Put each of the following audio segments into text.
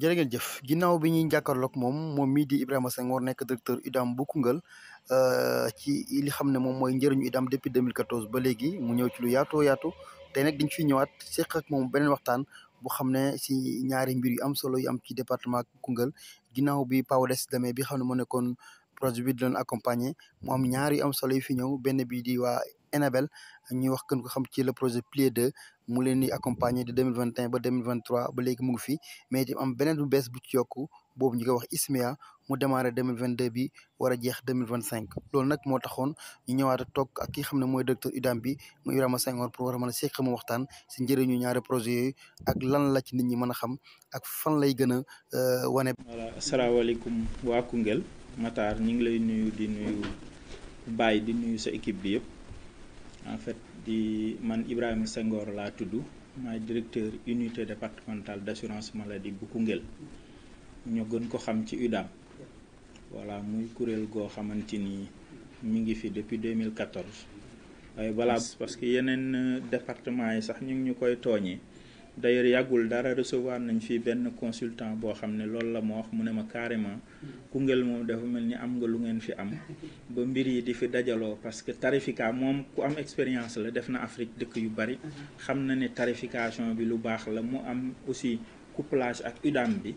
jërë ngeen jëf ginnaaw bi ñuy jàkkaarloog moom moom mii di Ibrahima Senghor nekk directeur UDAM bu Koungheul euh, ci li xam ne moom mooy njëriñu UDAM depuis 2014 ba léegi mu ñëw ci lu yaatoo yaatu te nag dañ fiy ñëwaat seq ak moom beneen waxtaan bu xam ne si ñaari mbir yu am solo yu am ci département Koungheul ginnaw bi PAWDES demee bi xam ne moo nekkoon projet bi di leen accompagner mu am ñaar am solo yu fi ñëw benn bi di waa Enabel ñu wax kën ko xam ci la projet Plié 2 mu leen di accompagner de 2021 ba 2023 ba léegi mu ngi fi mais itam am beneen bu bees bu ci yokku boobu ñu koy wax ISMEA mu démarré 2022 bi war a jeex cinq loolu nag moo taxoon ñu ñëwaat a toog ak ki xam ne mooy directeur UDAM bi mu Ibrahima Senghor pour war a mën a seq mu waxtaan si njëriñu ñaari projet yooyu ak lan la ci nit ñi mën a xam ak fan lay gën a euh, wane. voilà asalaamaaleykum waa Koungheul Matar ñu ngi lay nuyu di nuyu Baye di nuyu sa équipe bi yëpp. en fait di man Ibrahima Senghor laa tudd maay directeur unité départementale d'assurance maladie bu Koungheul ñu gën ko xam ci UDAM voilà muy kuréel goo xamante ni mi ngi fi depuis deux 2014 waaye balaa parce que yeneen euh, département yi sax ñu ngi ñu koy tooñee d'ailleurs yàggul dara recevoir nañ fi benn consultant boo xam ne loolu la ma wax mu ne ma carrément Koungheul moom dafa mel ni am nga lu ngeen fi am ba mbir yi di fi dajaloo parce que tarifica moom ku am expérience la def na Afrique dëkk yu bari xam na ne tarification bi lu baax la mu am aussi couplage ak UDAM bi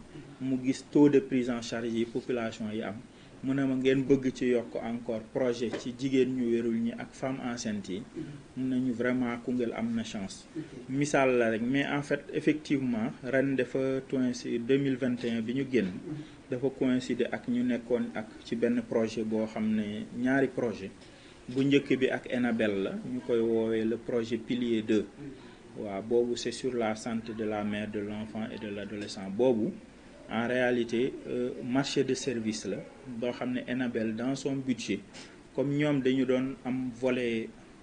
mu gis taux de prise en charge yi population yi am mu ne ma ngeen bëgg ci yokk encore projet ci jigéen ñu wérul ñi ak femme enceinte yi mm-hmm. mun nañu vraiment Koungheul am na chance misaal la rek mais en fait effectivement ren dafa coïncider 2021 bi ñu génn mm-hmm. dafa coïncider ak ñu nekkoon ak ci benn projet boo xam ne ñaari projet bu njëkk bi ak Enabel la ñu koy woowee le projet pilier 2 mm-hmm. waaw boobu c'est sur la santé de la mère de l'enfant et de l'adolescent boobu en réalité euh, marché de service la boo xam ne Enabel dans son budget comme ñoom dañu doon am vole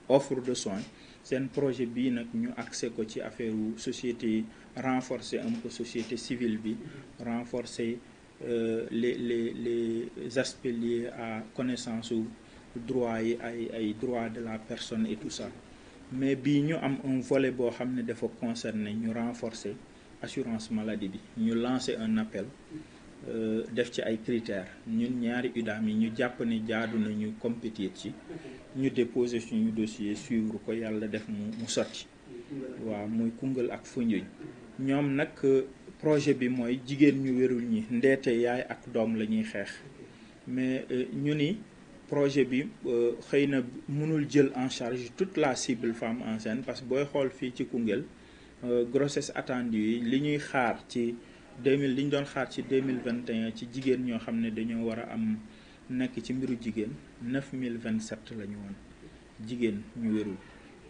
offre de soins seen projet bii nag ñu accès ko ci affaire wu société renforcer am ko société civile bi renforcer euh, les les les aspects liés à connaissance u droit yi ay ay droit de la personne et tout ça mais bii ñu am un volet boo xam ne dafa concerner ñu renforcer assurance maladie bi ñu lancer un appel euh, def ci ay critères ñun ñaari UDAM yi ñu jàpp ne jaadu nañu compétir ci ñu déposer suñu dossier suivre ko yàlla def mu mu sotti waaw muy Koungheul ak Foundiougne ñoom nag projet bi mooy jigéen ñu wérul ñi ndeete yaay ak doom la ñuy xeex mais euh, ñu ni projet bi euh, xëy na mënul jël en charge toute la cible femme enceinte parce que booy xool fii ci Koungheul Euh, grossesse attendue yi li ñuy xaar ci 2000 li ñu doon xaar ci 2021 ci jigéen ñoo xam ne dañoo war a am nekk ci mbiru jigéen 9027 la ñu woon jigéen ñu wérul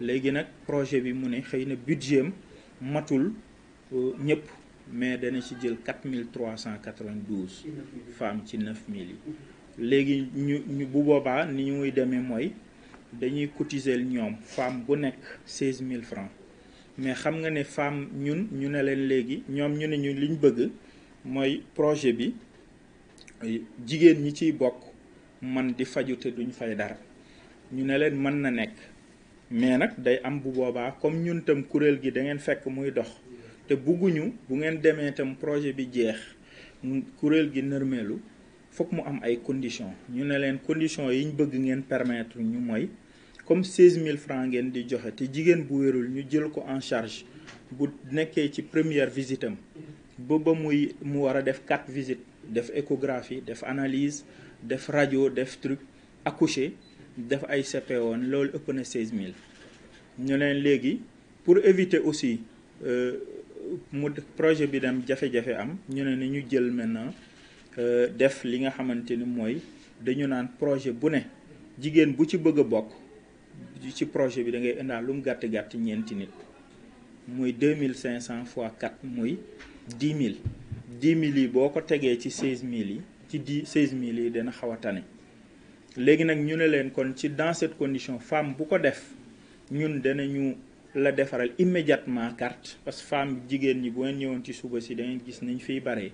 léegi nag projet bi mu ne xëy na budget matul euh, ñëpp mais dana ci jël 4392 femmes ci 9000 yi léegi ñu ñu bu boobaa ni ñu muy demee mooy dañuy cotiser ñoom femme bu nekk 16000 francs mais xam nga ni femme ñun ñu ne leen léegi ñoom ñu ne ñu liñ bëgg mooy projet bi jigéen ñi ciy bokk man di faju te duñ fay dara ñu ne leen mën na nekk mais nag day am bu boobaa comme ñun tam kuréel gi da ngeen fekk muy dox te bugguñu bu ngeen demee tam projet bi jeex kuréel gi nërmeelu foog mu am ay conditions ñu ne leen conditions yiñ bëgg ngeen permettre ñu mooy comme mille francs ngeen di joxe te jigéen bu wérul ñu jël ko en charge bu nekkee ci première visite am ba muy mu war a def quatre visites def échographie def analyse def rajo def truc accoucher def ay CP woon loolu ëpp na mille ñu leen léegi pour éviter aussi euh, mu projet bi dem jafe-jafe am ñu ne ni ñu jël maintenant euh, def li nga xamante ni mooy dañu naan projet bu ne jigéen bu ci bëgg a bokk. ci projet bi da ngay indaal lu mu gàtt gàtt ñeenti nit muy deux mille cinq cent fois quatre muy di mille dix mille yi boo ko tegee ci seize mille yi ci di seize mille yi dana xaw a léegi nag ñu ne leen kon ci dans cette condition femme bu ko def ñun danañu la defaral immédiatement carte parce que femme jigéen ñi bu ngeen ñëwoon ci suba si da gis nañ fiy baree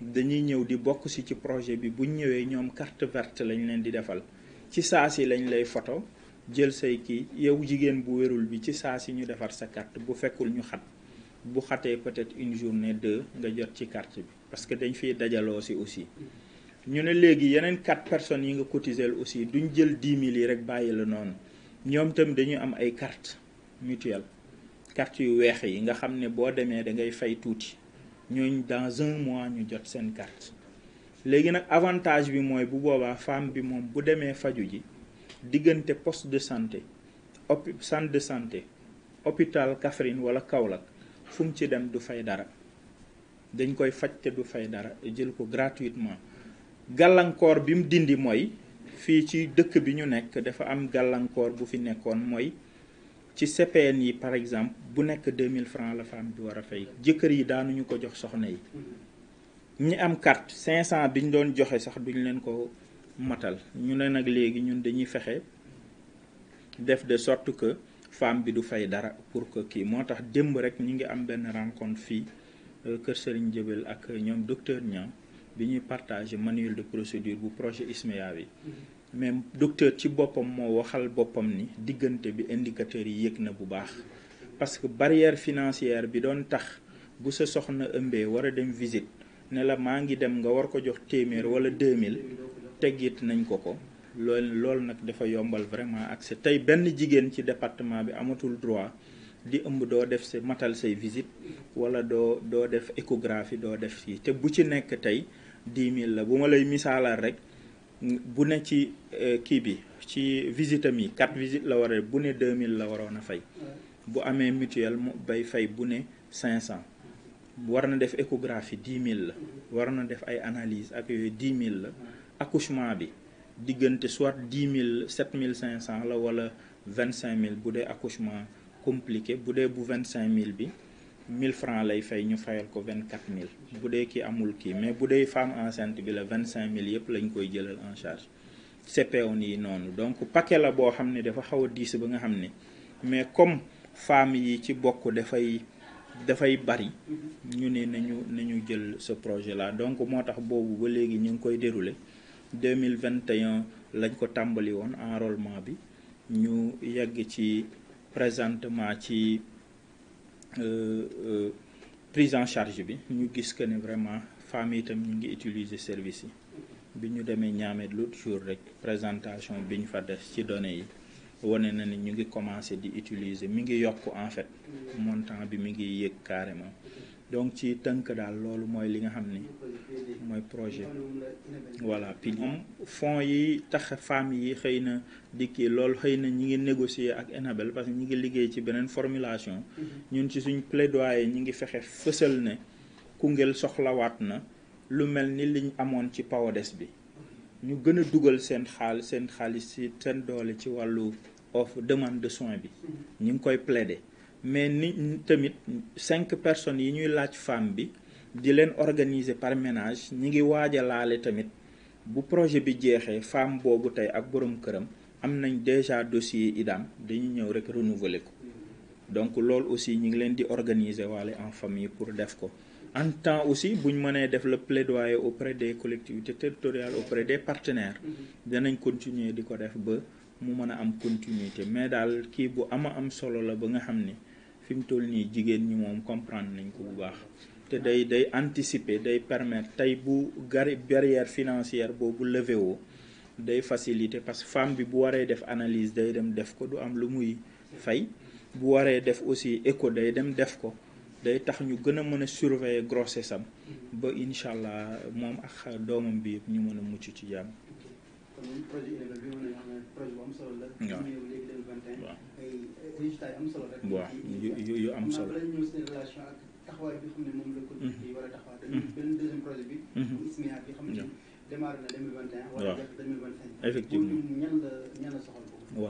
dañuy ñëw di bokk si ci projet bi buñ ñëwee ñoom carte verte lañ leen di defal ci saa si lañ lay photo jël say kii yow jigéen bu wérul bi ci saa si ñu defar sa carte bu fekkul ñu xat bu xatee peut-être une journée deux nga jot ci carte bi parce que dañ fiy dajaloo si aussi ñu ne léegi yeneen quatre personnes yi nga cotiser aussi duñ jël dix mille yi rek bàyyi la noonu ñoom itam dañu am ay carte mutuelle carte yu weex yi nga xam ne boo demee da ngay fay tuuti ñooñ dans un mois ñu jot seen carte léegi nag avantage bi mooy bu boobaa femme bi moom bu demee faju ji diggante poste de santé op centre de santé hôpital Kaffrine wala Kaolack fu mu ci dem du fay dara dañ koy faj te du fay dara jël ko gratuitement gàllankoor bi mu dindi mooy fii ci dëkk bi ñu nekk dafa am gàllankoor bu fi nekkoon mooy ci CPN yi par exemple bu nekk mille francs la femme bi war a fay jëkkër yi daanuñu ko jox soxna yi ñi am carte 500 doon joxe sax duñ leen ko matal ñu ne nag léegi ñun dañuy fexe def de sorte que femme bi du fay dara pour que kii moo tax démb rek ñu ngi am benn rencontre fii euh, Kër Serigne Jëbel ak ñoom docteur Niang bi ñuy partager manuel de procédure bu projet ISMEA bi mm-hmm. mais docteur ci boppam moo waxal boppam ni diggante bi indicateurs yi yëg na bu baax parce que barrière financière bi doon tax bu sa soxna ëmbee war a dem visite ne la maa ngi dem nga war ko jox téeméer wala 2000 teggit nañ ko ko lool loolu nag dafa yombal vraiment accès tey benn jigéen ci département bi amatul droit di ëmb doo def sa matal say visite wala doo doo def échographie doo def fii te bu ci nekk tey 10 000 la bu ma lay misaalal rek bu ne ci euh, kii bi ci visite am yi 4 visites la war bu ne 2000 la waroon a fay bu amee mutuelle mu bay fay bu ne cinq 500 war na def échographie 10 000 la war na def ay analyse ak yooyu 10 000 la accouchement bi diggante soit dix mille sept mille cinq cent la wala vingt cinq mille bu dee accouchement compliqué bu dee bu vingt cinq mille bi mille francs lay fay ñu fayal ko vingt quatre mille bu dee ki amul kii mais bu dee femme enceinte bi la vingt cinq mille yëpp lañ koy jëlal en charge CPO nii noonu donc paquet la boo xam ne dafa xaw a diis ba nga xam ne mais comme femmes yi ci bokk dafay dafay bari ñu ne nañu nañu jël sa projet la donc moo tax boobu ba léegi ñu ngi koy dérouler deux mille vingt et un lañ ko tàmbali woon enrôlement bi ñu yegg ci présentement ci euh, euh, prise en charge bi ñu gis que ne vraiment famille itam ñu ngi utiliser service yi bi ñu demee ñaamee l'autre jour rek présentation bi ñu fa des ci données yi wone na ni ñu ngi commencé di utiliser mi ngi yokk en fait montant bi mi ngi yëg carrément donc ci tënk daal loolu mooy li nga xam ni mooy projet voilà puis ñoom fonds yi tax femmes yi xëy na dikki lool xëy na ñi ngi négocier ak Enabel parce que ñi ngi liggéey ci beneen formulation mm-hmm. ñun ci suñ plaidoyer ñi ngi fexe fësal ne Koungheul soxlawaat na lu mel ni liñ amoon ci pawodes bi ñu gën a dugal seen xaal seen xaalis ci seen doole ci wàllu offre demande de soins bi mm-hmm. ñu ngi koy plaider mais ni tamit cinq personnes yi ñuy laaj femme bi di leen organiser par ménage ñi ngi waaja laale tamit bu projet bi jeexee femme boobu tey ak borom këram am nañ déjà dossier idam dañu ñëw rek renouveler ko donc loolu aussi ñi ngi leen di organiser waale en famille pour def ko en temps aussi bu ñu mënee def le plaidoyer auprès des collectivités territoriales auprès des partenaire mhm. danañ continuer di ko def ba mu mën a am continuité mais daal kii bu ama am solo la ba nga xam ni fi mu toll nii jigéen ñi moom comprendre nañ ko bu baax te day day anticiper day permettre tey bu gari barrière financière boobu levé woo day faciliter parce que femme bi bu waree def analyse day dem def ko du am lu muy fay bu waree def aussi écho day dem def ko day tax ñu gën a mën a surveiller grossesse ba incha allah moom ak doomam bi ñu mën a mucc ci jàmm. waaw yu yu yu am solo. taxawaay bi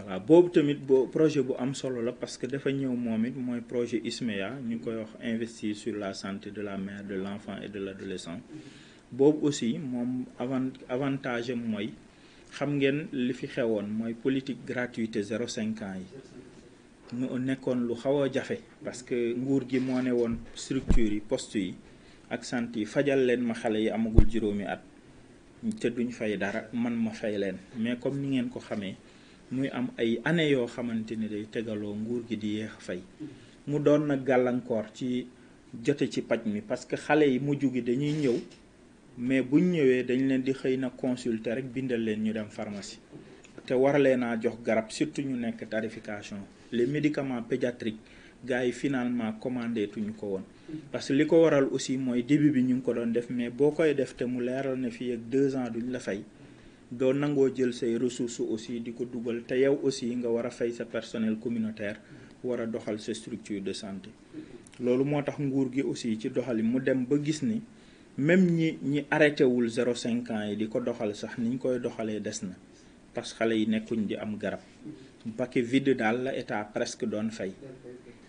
a boobu voilà boobu tamit boo projet bu am solo la parce que dafa ñëw moom it mooy projet ISMEA ñu koy wax investir sur la santé de la mère de l' enfant et de l' adolescent mhm. boobu aussi moom avant avantage am mooy xam ngeen li fi xewoon mooy politique gratuité zéro cinq ans yi mu nekkoon lu xaw a jafe parce que nguur gi moo ne woon structure yi poste yi ak sant yi fajal leen ma xale yi amagul juróomi at te duñ fay dara man ma fay leen mais comme ni ngeen ko xamee muy am ay année yoo xamante ni day tegaloo nguur gi di yéex a fay mu doon nag gàllankoor ci jote ci paj mi parce que xale yi mujj gi dañuy ñëw mais buñ ñëwee dañ leen di xëy na consulter rek bindal leen ñu dem pharmacie te war leen a jox garab surtout ñu nekk tarification les médicaments pédiatrique gars yi finalement commandé tuñu ko woon. parce que li ko waral aussi mooy début bi ñu ngi ko doon def mais boo koy def te mu leeral ne fii ak deux ans duñ la fay doo nangoo jël say ressources aussi di ko dugal te yow aussi nga war a fay sa personnel communautaire war a doxal sa structure de santé loolu moo tax nguur gi aussi ci doxali mu dem ba gis ni. même ñi ñi arrêté wul zéro cinq ans yi di ko doxal sax niñ koy doxalee des na parce que xale yi nekkuñ di am garab paquet vide daal la état presque doon fay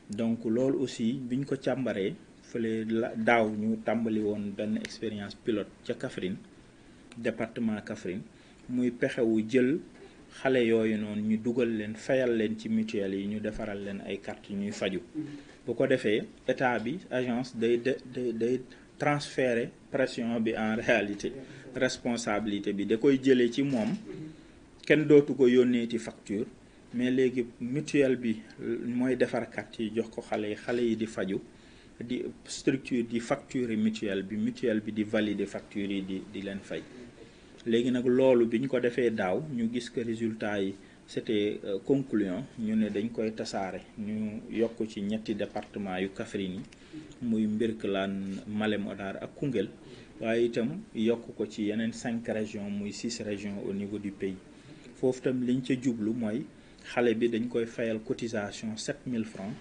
donc loolu aussi biñ ko càmbaree fële la daaw ñu tàmbali woon benn expérience pilote ca Kaffrine département Kaffrine muy pexewu jël xale yooyu noonu ñu dugal leen fayal leen ci mutuelle yi ñu defaral leen ay carte ñuy faju mm-hmm. bu ko defee état bi agence day day day transférer pression bi en réalité responsabilité bi da koy jëlee ci moom kenn dootu ko yónneeti facture mais léegi mutuelle bi mooy defarkat yi jox ko xale yi xale yi di faju di structure di facture mutuelle bi mutuelle bi di valider facture yi di di leen fay léegi nag loolu bi ko defee daaw ñu gis que résultat yi c'était euh, concluant ñu ne dañ koy tasaare ñu yokk ci ñetti département yu Kaffrine yi muy Mbirkilaan Malem Hodar ak Koungheul waaye itam yokk ko ci yeneen cinq régions muy six régions au niveau du pays foofu itam liñ ca jublu mooy xale bi dañ koy fayal cotisation mille francs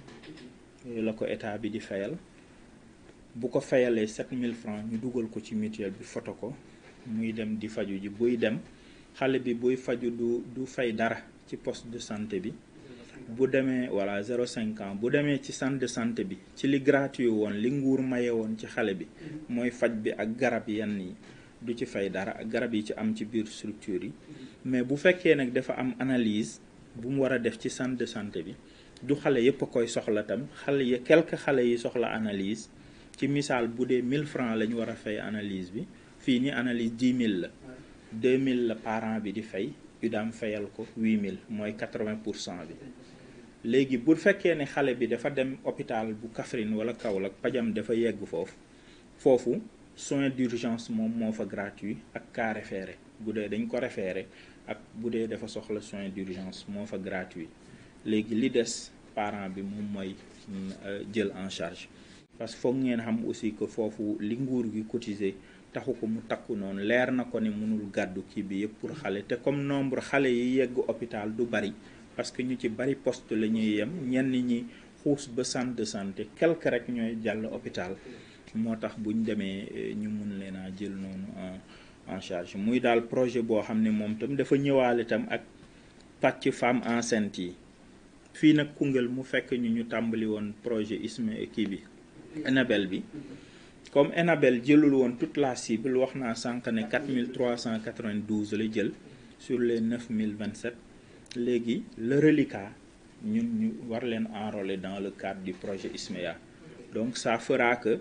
la ko état bi di fayal bu ko fayalee mille francs ñu dugal ko ci mutuelle bi photo ko muy dem di faju ji buy dem xale bi buy faju du du fay dara ci post de santé bi bu demee voilà zéro cinq bu demee ci centre de santé bi ci li gratuit woon li nguur maye woon ci xale bi mhm. mooy faj bi ak garab yenn yi du ci fay dara ak garab yi ci am ci biir structure yi mhm. mais bu fekkee nag dafa am analyse bu mu war a def ci cent de santé bi du xale yépp a koy soxla tam xale yi quelques xale yi soxla analyse ci misaal bu dee mille francs la ñu war a fay analyse bi fii ni analyse 10 mille la 2000 la parent bi di fay UDAM fayal ko mille mooy 80 pour cent bi léegi bu fekkee ne xale bi dafa dem hôpital bu Kaffrine wala Kaolack pajam dafa yegg foofu foofu soin d'urgence moom moo fa gratuit ak cas référé bu dee dañ ko référé ak bu dee dafa soxla soin d'urgence moo fa gratuit léegi li des parent bi moom mooy euh, jël en charge parce que foog ngeen xam aussi ko foofu li nguur gi cotisé taxu ko mu takku noonu leer na ko ne mënul gàddu kii bi yëpp pour xale te comme nombre xale yi yegg hôpital du bari parce que ñu ci bari poste la ñuy yem ñenn ñi xuus ba cent de santé quelque rek ñooy jàll hôpital moo tax bu ñu demee eh, ñu mun leen a jël noonu en charge muy daal projet boo xam ne moom tam dafa ñëwaale tam ak pàcc femme enceinte yi fii nag Koungheul mu fekk ñu ñu tàmbali woon projet ISME kii bi Enabel bi comme Enabel jëlul woon toute la cible wax naa sànq ne 4392 la jël sur les 9027 léegi le reliquat ñu war leen enrôler dans le cadre du projet ISMEA donc ça fera que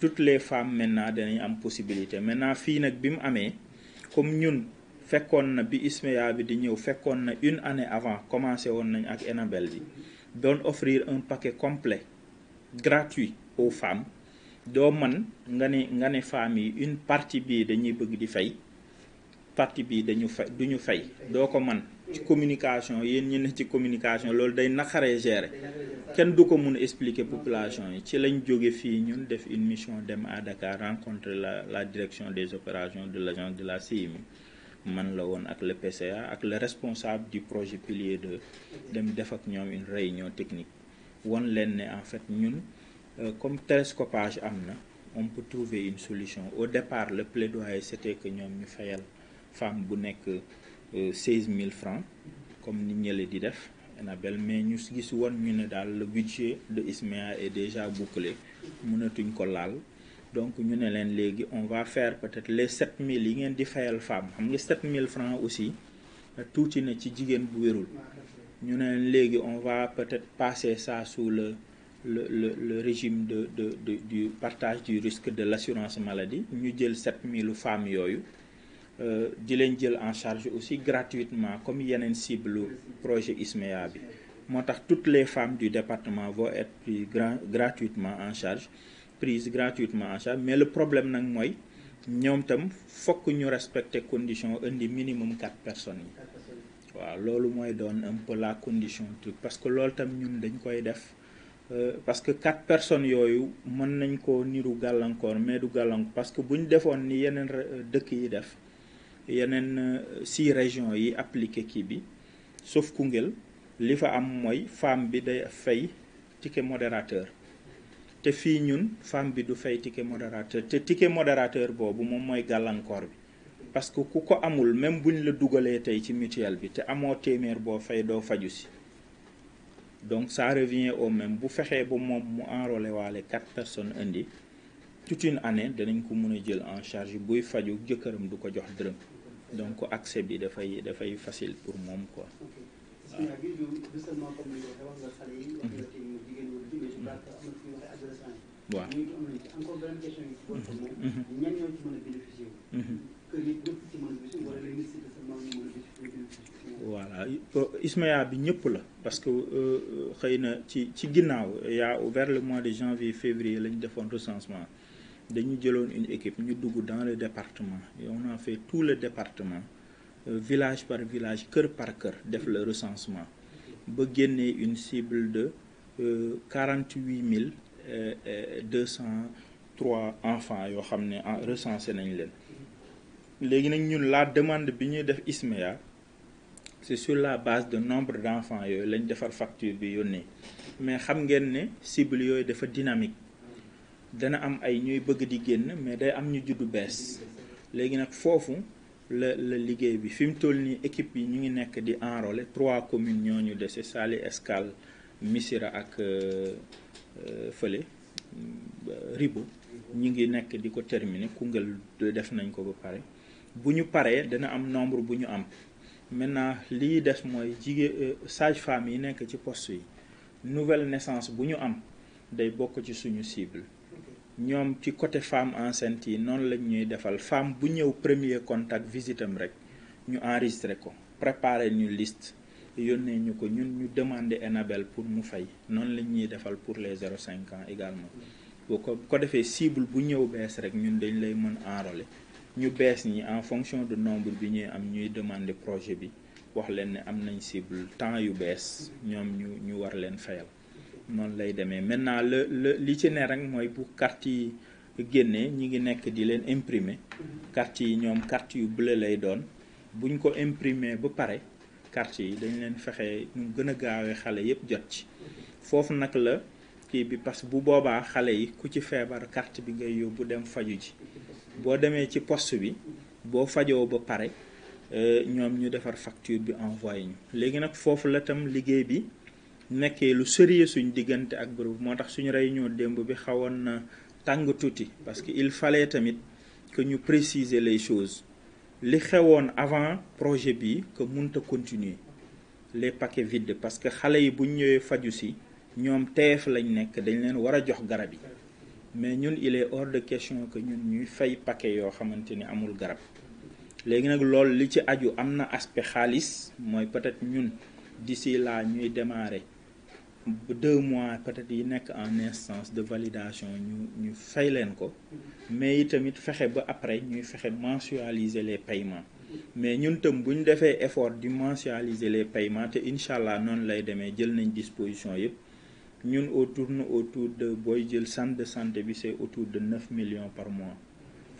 toutes les femmes maintenant danañ am possibilité maintenant fii nag bi mu amee comme ñun fekkoon na bi ISMEA bi di ñëw fekkoon na une année avant commencé woon nañ ak Enabel bi doon offrir un paquet complet gratuit aux femmes doo man nga ne femmes yi une partie bii dañuy bëgg di fay partie bii dañu fay duñu fay doo ko man communication yéen ñi ne ci communication loolu day naqaree gérer kenn du ko mun expliquer population yi ci lañ jóge fii ñun def une mission dem à Dakar rencontrer la la direction des opérations de l'agence de la CIMI man la woon ak le PCA ak le responsable du projet pilier de dem def ak ñoom une réunion technique won leen ne en fait ñun euh, comme télescopage am na on peut trouver une solution au départ le plaidoyer c'était que ñoom ñu fayal femme bu nekk Euh, seize mille francs comme ni ñële di def Enabel mais ñu gis woon ñu ne daal le budget de ISMEA est déjà bouclé mënatuñ ko laal donc ñu ne leen léegi on va fair peut-être les sept mille yi ngeen di fayal femme xam nga sept mille francs aussi tuuti na ci jigéen bu wérul ñu ne leen léegi on va peut-être passer ça sous le le le le régime de de de du partage du risque de l'assurance maladie ñu jël sept mille femmes yooyu. Euh, di leen jël en charge aussi gratuitement comme yeneen cible projet ISMEA bi moo tax toutes les femmes du département vont être prises gratuitement en charge prises gratuitement en charge mais le problème nag mooy ñoom itam fokk ñu respecter condition indi minimum quatre personnes yi waaw loolu mooy doon un peu la condition truc parce que loolu tam ñun dañ koy def euh, parce que quatre personnes yooyu mën nañ ko niru gàllankoor mais du gàllankoor parce que bu ñu defoon ni yeneen dëkk yi def yeneen euh, si régions yi appliqué kii bi sauf Koungheul li fa am mooy femme bi day fay ticket modérateur te fii ñun femme bi du fey ticket modérateur te ticket modérateur boobu moom mooy gàllankoor bi parce que ku ko amul même buñ la dugalee tey ci mutuelle bi te amoo téeméer boo fay doo faju si donc ça revient au même bu fexee ba moom mu enrôlé waale quatre personnes indi toute une année danañ ko mun a jël en charge buy faju jëkkëram du ko jox dërëm donc accès bi dafay dafay facile pour moom quoi. waaw waaw. Mhm. Mhm. Mhm. bi ñëpp la parce que euh, xëy na ci ci ginnaaw yaa vers le mois de janvier février lañ defoon recensement. dañu jëloon une équipe ñu dugg dans le département et on tous fait tout le département euh, village par village kër par kër def le recensement ba génnee une cible de euh, quarante huit mille euh, deux cent trois enfants yoo xam ne ah, recensé nañ leen léegi nag ñun la demande bi ñuy def ISMEA c'est sur la base de nombre d'enfants yooyu lañ defar facture bi yónnee mais xam ngeen ne cible yooyu dafa dynamique dana am ay ñuy bëgg di génn mais day am ñu juddu bees léegi nag foofu la la liggéey bi fi mu toll nii équipe yi ñu ngi nekk di enrôler trois communes ñoo ñu dese Saly Escale Missirah ak euh, euh, fële euh, Ribo ñu ngi nekk di ko terminer Koungheul def nañ ko ba pare bu ñu paree dana am nombre bu ñu am maintenant lii des mooy jigéen sage-femme yi nekk ci post yi nouvelle naissance bu ñu am day bokk ci suñu cible ñoom ci côté femme enceinte yi noonu lañ ñuy defal femme bu ñëw premier contact visitam rek ñu enregistré ko préparé ñu liste yónnee ñu ko ñun ñu demandé Enabel pour mu fay noonu lañ ñuy defal pour les zéro cinq ans également boo ko ko defee cible bu ñëw bees rek ñun dañ lay mën enrôler ñu bees ñi en fonction de nombre bi ñuy am ñuy demander projet bi wax leen ne am nañ cible temps yu bees ñoom ñu ñu war leen fayal noonu lay demee maintenant le li ci ne rek mooy bu carte yi génnee ñi ngi nekk di leen imprimer carte yi ñoom carte yu bule lay doon buñ ko imprimer ba pare carte yi dañ leen fexe ñu gën a gaawee xale yépp jot ci foofu nag la kii bi parce que bu boobaa xale yi ku ci feebar carte bi ngay yóbbu dem faju ji boo demee ci poste bi boo fajoo ba pare euh, ñoom ñu defar facture bi envoyé ñu léegi nag foofu la tam liggéey bi nekkee lu sérieux suñ diggante ak groupe moo tax suñu réunion démb bi xawoon na tàng tuuti parce que il fallait tamit que ñu préciser les choses li xewoon avant projet bi que munta continuer les paquets vides parce que xale yi buñ ñëwee faju si ñoom teef lañ nekk dañ leen war a jox garab yi mais ñun il est de question que ñun ñuy fay paquet yoo xamante ni amul garab léegi nag loolu li ci aju am na aspect xaalis mooy peut-être ñun d'ici là ñuy démarrer deux mois peut-être yi nekk en instance de validation ñu ñu fay leen ko mais itamit fexe ba après ñuy fexe mensualiser les paiements mais ñun tam bu ñu defee effort di mensualiser les paiements te incha allah noonu lay demee jël nañ disposition yëpp ñun au tourne autour de booy jël centre de santé bi c'est autour de neuf millions par mois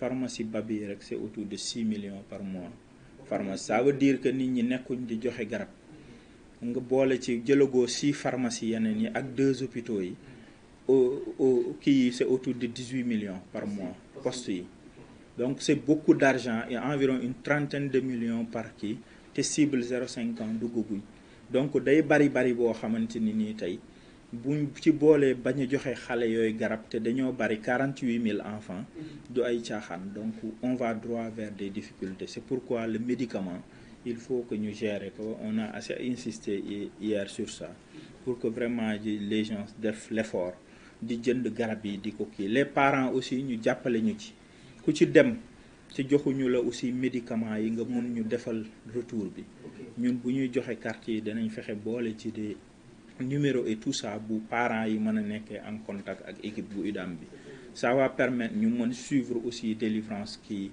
pharmacie Babi rek c'est autour de six millions par mois pharmacie ça veut dire que nit ñi nekkuñ di joxe garab nga boole ci jëlagoo six pharmacie yeneen yi ak deux hôpitaux yi kii yi c'est autour de dix-huit millions par mois poste yi donc c'est beaucoup d'argent et environ une trentaine deux millions par kii te cible zéro cinq ans duggaguñ donc day bari bari boo xamante ni nii tey buñ ci boolee bañ joxe xale yooyu garab te dañoo bari quarante-huit mille enfants du ay caaxaan donc on va droit vers des difficultés c'est pourquoi le médicament il faut que ñu gérer ko on a assez insisté hier sur ça pour que vraiment les gens def l'effort di jënd garab yi di ko kii les parent aussi ñu jàppale ñu ci ku ci dem ci joxuñu la aussi médicaments yi nga mun ñu defal retour bi ñun bu ñuy joxe carte yi danañ fexe boole ci des numéro et tout ça bu parents yi mën a nekkee en contact ak équipe bu UDAM bi ça va permettre ñu mën suivre aussi délivrance kii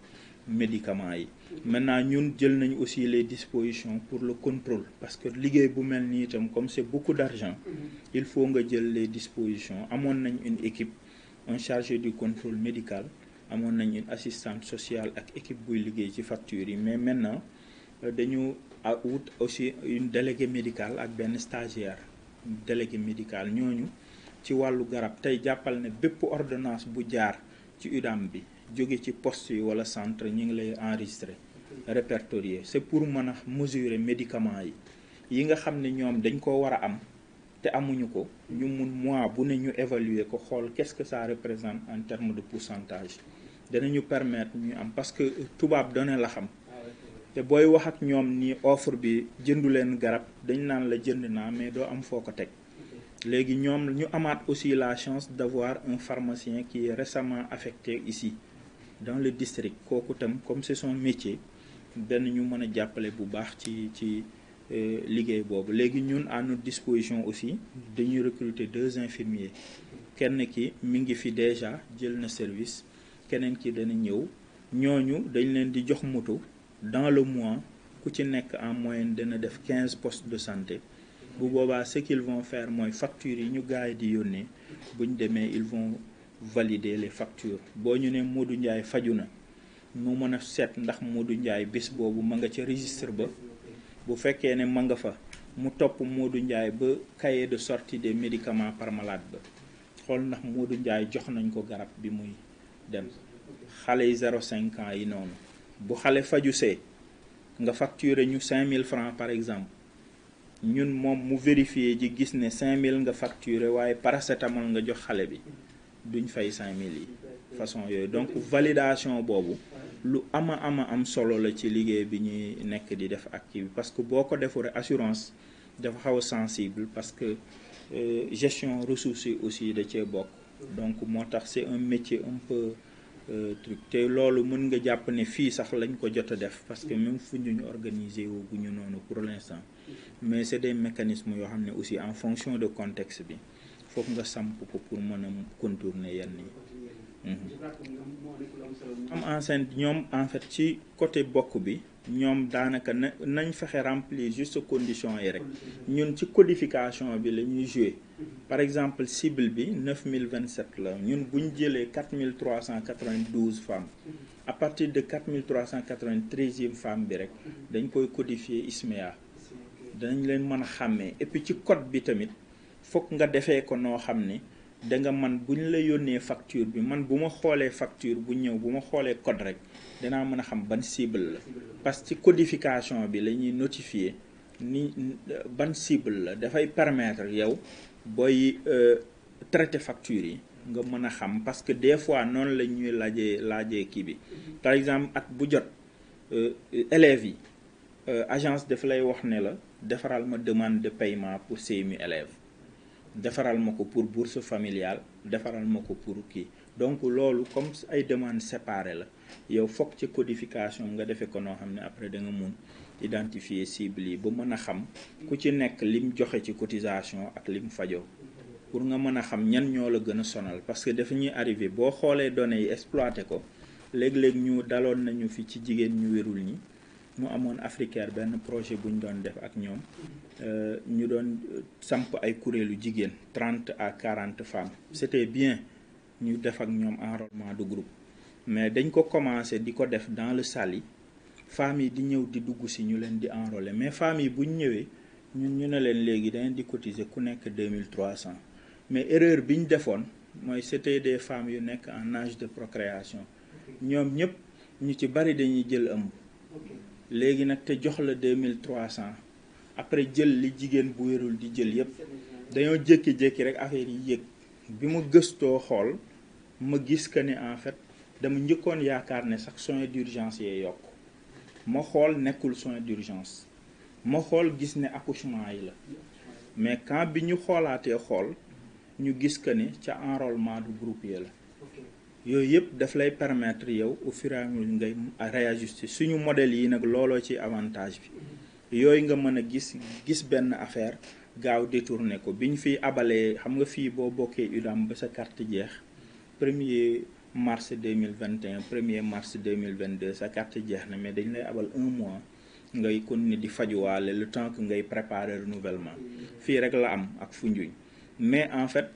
médicament yi maintenant ñun jël nañu aussi les dispositions pour le contrôle parce que liggéey bu mel ni itam comme c'est beaucoup d'argent mhm. il faut nga jël les dispositions amoon nañ une équipe un chargé du contrôle médical amoon nañ une assistante sociale ak équipe buy liggéey ci facture yi mais maintenant euh, dañu wut aussi une déléguée médicale ak benn stagiaire délégué médical ñooñu ci wàllu garab tey jàppal ne bépp ordonnance bu jaar ci UDAM bi jóge ci post yi wala centre ñu ngi lay enregistré répertorier c'est pour mën a mesurer médicament yi yi nga xam ne ñoom dañ ko war a am te amuñu ko ñu mun mois bu ne ñu évaluer ko xool quest que ça représente en terme de pourcentage danañu permettre ñu am parce que tubaab donné la xam te booy wax ak ñoom ni offre bi jëndu leen garab dañ naan la jënd naa mais doo am foo ko teg léegi ñoom ñu amaat aussi la chance d'avoir un pharmacien qui est récemment affecté ici dans le district kooku tam comme c'est son métier benn ñu mën a jàppale bu baax ci ci euh, liggéey boobu léegi ñun à disposition aussi dañuy recruter deux infirmiers kenn ki mi ngi fi déjà jël na service keneen ki dana ñëw ñooñu dañ leen di jox moto dans le mois ku ci nekk en moyenne dana def quinze postes de santé bu boobaa ce qu'ils vont faire mooy factures yi ñu gars yi di yónnee buñ demee ils von valider les facture boo ñu ne Modou njaay faju na mu mën a seet ndax Modou njaay bés boobu ma nga ca registre ba bu fekkee ne ma nga fa mu topp moodu njaay ba cahier de sortie des médicaments par malade ba xool ndax Modou Ndiaye jox nañ ko garab bi muy dem xale yi 0,5 ans yi noonu bu xale faju see nga facture ñu cinq mille francs par exemple ñun moom mu vérifier ji gis ne cinq mille nga facturer waaye paracétamol nga jox xale bi duñ fay cinq mille yi façon yooyu donc validation boobu lu ama ama am solo la ci liggéey bi ñuy nekk di def active parce que boo ko deful assurance dafa xaw a sensible parce que euh, gestion ressource yi aussi da cee bokk donc moo tax c'est un métier un peu euh, truc te loolu mën nga jàpp ne fii sax lañ ko jot a def parce que même fu ñu organiser wu gu ñu noonu pour l'instant mais c'est des mécanismes yoo xam ne aussi en fonction de contexte bi foofu nga samp ko pour mën a contourner yenn yi mhm. am enceinte ñoom en fait ci côté bokk bi ñoom daanaka na nañ fexe remplir juste conditions yi rek ñun ci codification bi la ñuy jouer par exemple cible bi mille vingt 9027 la ñun buñ jëlee bu ñu jëlee 4392 femmes à partir de cent 4393e femme bi rek dañ koy codifier ISMEA danañ leen mën a xàmmee et puis ci code bi tamit foog nga defee ko noo xam ne danga man bu ñu la yónnee facture bi man bu ma xoolee facture bu ñëw bu ma xoolee code rek danaa mën a xam ban cible la parce que ci codification bi la ñuy notifier ni ban cible la dafay permettre yow booy euh, traité facture yi nga mën a xam parce que des fois noonu la ñuy laajee laajee kii bi par exemple ak bu jot euh, élève yi euh, agence daf lay wax ne la defaral ma demande de paiement pour semi élève defaral ma ko pour bourse familiale defaral ma ko pour kii donc loolu comme ay demande séparée la yow foog ci codification nga defee ko noo xam ne après da nga mun identifier cible yi ba mën a xam ku ci nekk lim joxe ci cotisation ak lim fajo pour nga mën a xam ñan ñoo la gën a sonal parce que dafa ñuy arriver boo xoolee données yi exploité ko léeg-léeg ñu daloon nañu fi ci jigéen ñu wérul ñi mu amoon Africaire benn projet bu ñu doon def ak ñoom euh, ñu doon euh, samp ay kuréelu jigéen trente à quarante femmes c'était bien ñu def ak ñoom enrôlement de groupe mais dañ ko commencé di ko def dans le Saly femmes yi di ñëw di dugg si ñu leen di enrôler mais femmes yi bu ñu ñëwee ñun ñu ne leen léegi dañ di cotiser ku nekk deux mille trois cent mais erreur bi ñu defoon mooy c'était des femmes yu nekk en âge de procréation ñoom ñëpp ñu ci bari dañuy jël ëmb léegi nag te jox la deux mille trois cent après jël li jigéen bu wérul di jël yépp dañoo jékki-jékki rek affaire yi yéeg bi mu gëstoo xool ma gis que ne en fait dama njëkkoon yaakaar ne sax soins d'urgence yee yokk ma xool nekkul soins d'urgence ma xool gis ne accouchement yi la mais quand bi ñu xoolaatee xool ñu gis que ne ca enrôlement du groupe yi la yooyu yëpp daf lay permettre yow au fur et à mesure ngay réajuster suñu modèle yi nag looloo ci avantage bi yooyu nga mën a gis gis benn affaire gaaw détourné ko bi ñu fiy abalee xam nga fii boo bokkee UDAM ba sa carte jeex premier mars 2021 premier mars 2022 sa carte jeex na mais dañ lay abal un mois ngay kon continuer di fajuwaale le temps que ngay préparer nouvellement fii rek la am ak Foundiougne mais en fait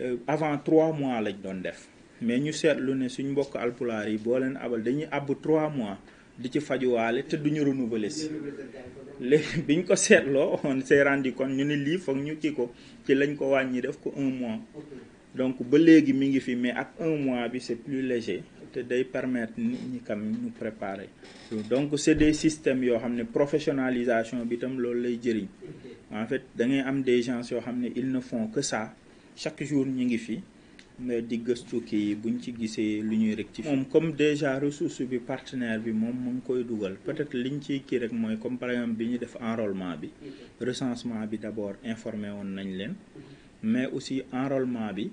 euh, avant trois mois lañ doon def mais ñu seetlu ne suñ mbokk alpulaar yi boo leen abal dañuy àbb trois mois di ci fajuwaale te duñu renouveler si léegi biñ ko seetloo on s'est rendu ñu ne lii foog ñu kii ko ci lañ ko wàññi def ko un mois donc ba léegi mi ngi fi mais ak un mois bi c'est plus léger te day permettre nit ñi kam ñu préparer donc c'est des systèmes yoo xam ne professionnalisation bi tam loolu lay jëriñ en fait dangay am des gens yoo xam ne ils ne font que ça chaque jour ñu ngi fi mais di gëstu kii buñ ci gisee lu ñuy rek rectifier moom comme déjà ressource bi partenaire bi moom mu ngi koy dugal peut-être liñ ciy kii rek mooy comme par bi ñu def enrollement bi recensement bi d'abord informé woon nañ leen mais aussi enrôlement bi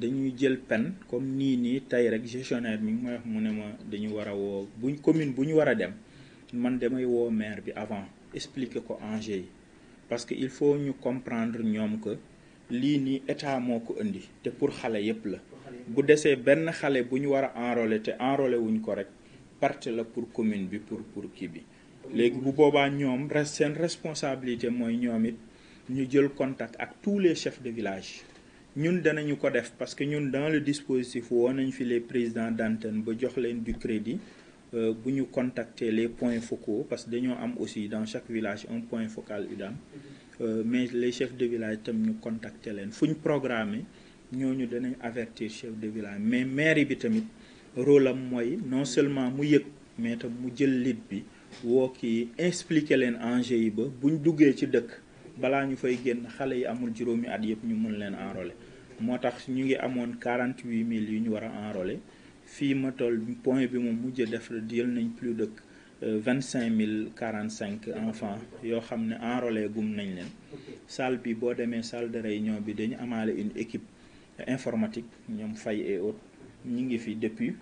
dañuy jël pen comme nii nii tey rek gestionnaire mi ngi may wax mu ne ma dañu war a woo buñ commune bu ñu war a dem man damay woo maire bi avant expliquer ko enjeu yi parce que il faut ñu comprendre ñoom ko lii nii état moo ko indi te pour xale yépp la bu desee benn xale bu ñu war a enrôler te enrôler wuñ ko rek partie la pour commune bi pour pour kii bi léegi bu boobaa ñoom seen responsabilité mooy ñoom it ñu jël contact ak tous les chefs de village ñun danañu ko def parce que ñun dans le dispositif woo nañ fi les présidents d'antenne ba jox leen du crédit euh, bu ñu contacter les points focaux parce que dañoo am aussi dans chaque village un point focal UDAM Euh, mais les chef de village itam ñu contacter leen fu programme programmer ñooñu danañ avertir chef de village mais mairie bi tamit rôle am mooy non seulement mu yëg mais tam mu jël lit bi woo kii expliquer leen enjeu yi ba buñ duggee ci dëkk balaa ñu fay génn xale yi amul juróomi at yëpp ñu mun leen enrôler moo tax ñu ngi amoon quarante mille yu ñu war a enrôler fii ma toll point bi moom mujj def la jël nañ plus dëkk vingt cinq mille quarante cinq enfants yoo xam ne enrôlé gum nañ leen salle bi boo demee salle de réunion bi dañu amaale une équipe informatique ñoom fay et autres ñi ngi fi depuis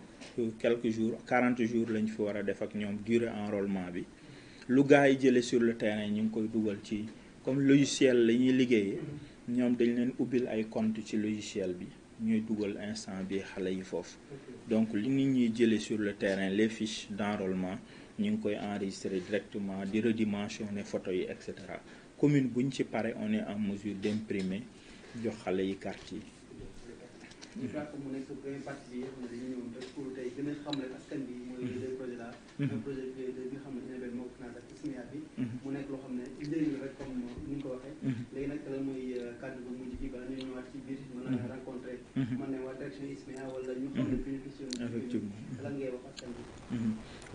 quelque jour quarante jours lañ fi war a def ak ñoom durée enrôlement bi lu gars yi jëlee sur le terrain ñu ngi koy dugal ci comme logiciel la ñuy liggéeyee ñoom dañ leen ubbil ay compte ci logiciel bi ñuy dugal instant bi xale yi foofu donc li nit ñuy jëlee sur le terrain les fiches d'enrôlement ñu ngi koy enregistrer directement di redimensionner photo yi et cetera commune bu ñu ci pare on est en mesure d'imprimer jox xale yi carte yi mu nekk première partie mhm. bi nga xam ne a xamle mhm. loo xam ne njëriñ la rek ko waxee mhm. léegi nag lan mooy cadre euh, bu mujj bi bala ñu ñëwaat ci biir a rencontré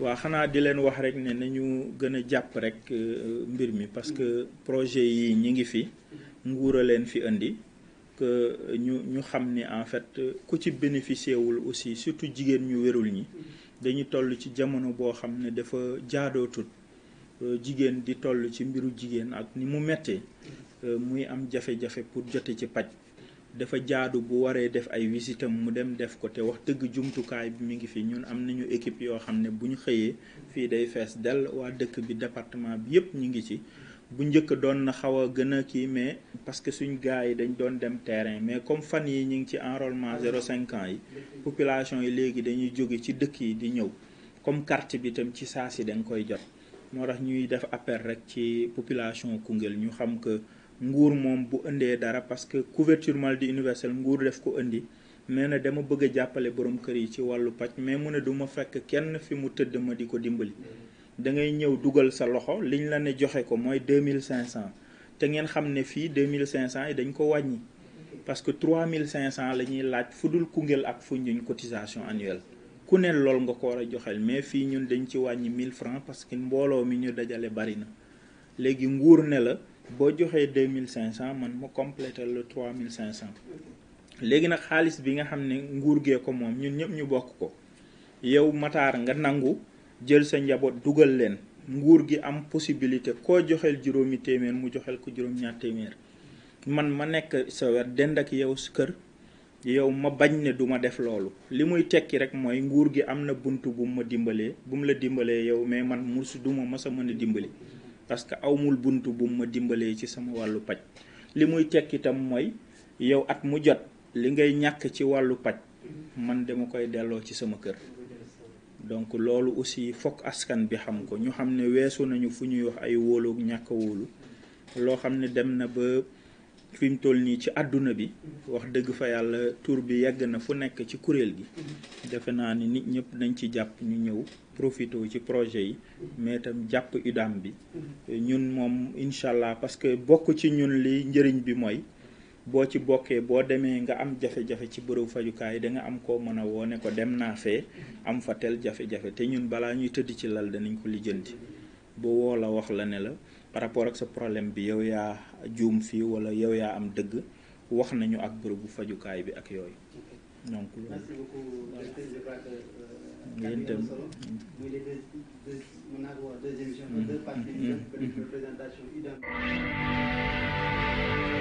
waa waaw xanaa di leen wax rek ne nañu gën a jàpp rek euh, mbir mi parce que projet yi ñu ngi fi nguur a leen fi indi que ñu ñu xam ni en fait ku ci bénéficié wul aussi surtout jigéen ñu wérul ñi dañu toll ci jamono boo xam ne dafa jaadootul euh, jigéen di toll ci mbiru jigéen ak ni mu mettee euh, muy am jafe-jafe pour jote ci paj dafa jaadu bu waree def ay visitam mu dem def ko te wax dëgg jumtukaay bi mi ngi fi ñun am nañu équipe yoo xam ne bu ñu xëyee fii day fees dell waa dëkk bi département bi yépp ñu ngi ci bu njëkk doon na xaw a gën a kii mais parce que suñ gars yi dañ doon dem terrain mais comme fan yi ñu ngi ci enrôlement zéro cinq ans yi population yi léegi dañuy jóge ci dëkk yi di ñëw comme carte bi itam ci saa si dañ koy jot moo tax ñuy def appel rek ci population Koungheul ñu xam ko nguur moom bu indee dara parce que couverture di universelle nguur def ko indi mais na dama bëgg a jàppale borom kër yi ci wàllu paj mais mu ne du ma fekk kenn fi mu tëdd ma di ko dimbali da ngay ñëw dugal sa loxo liñ la ne joxe ko mooy deux mille cinq cent te ngeen xam ne fii deux mille cinq cent yi dañ ko wàññi parce que trois mille cinq cent la ñuy laaj fu dul Koungheul ak Foundiougne cotisation annuelle ku ne lool nga ko war a joxeel mais fii ñun dañu ci wàññi mille francs parce que mbooloo mi ñu dajale bari na léegi nguur ne la boo joxee deux mille cinq cent man ma complété le trois mille cinq cent léegi nag xaalis bi nga xam ne nguur gee ko moom ñun ñëpp ñu bokk ko yow Matar nga nangu. jël sa njaboot dugal leen nguur gi am possibilité koo joxeel juróomi téeméer mu joxeel ko juróom ñaar téeméer man ma nekk sa wet dend ak yow sa kër yow ma bañ ne du ma def loolu li muy tekki rek mooy nguur gi am na bunt bum ma dimbalee bu mu la dimbalee yow mais man mus du ma mës a mën a dimbali parce que awmul bunt bum ma dimbalee ci sama wàllu paj li muy tekk itam mooy yow at mu jot li ngay ñàkk ci wàllu paj man dama koy delloo ci sama kër donc loolu aussi fokk askan bi xam ko ñu xam ne weesu nañu fu ñuy wax ay wóolu ñàkk a wóolu loo xam ne dem na ba fi mu toll nii ci àdduna bi wax dëgg fa yàlla tur bi yegg na fu nekk ci kuréel gi defe naa ni nit ñëpp nañ ci jàpp ñu ñëw profité ci projet yi mais itam jàpp UDAM bi ñun moom incha allah parce que bokk ci ñun li njëriñ bi mooy boo ci bokkee boo demee nga am jafe-jafe ci bërëb fajukaay da nga am ko mën a woone ko dem naa fee am fa tel jafe-jafe te ñun balaa ñuy tëdd ci lal danañ ko lijjanti ba woo la wax la ne la par rapport ak sa problème bi yow yaa juum fii wala yow yaa am dëgg wax nañu ak bërëbu fajukaay bi ak yooyu donc euh, ngeen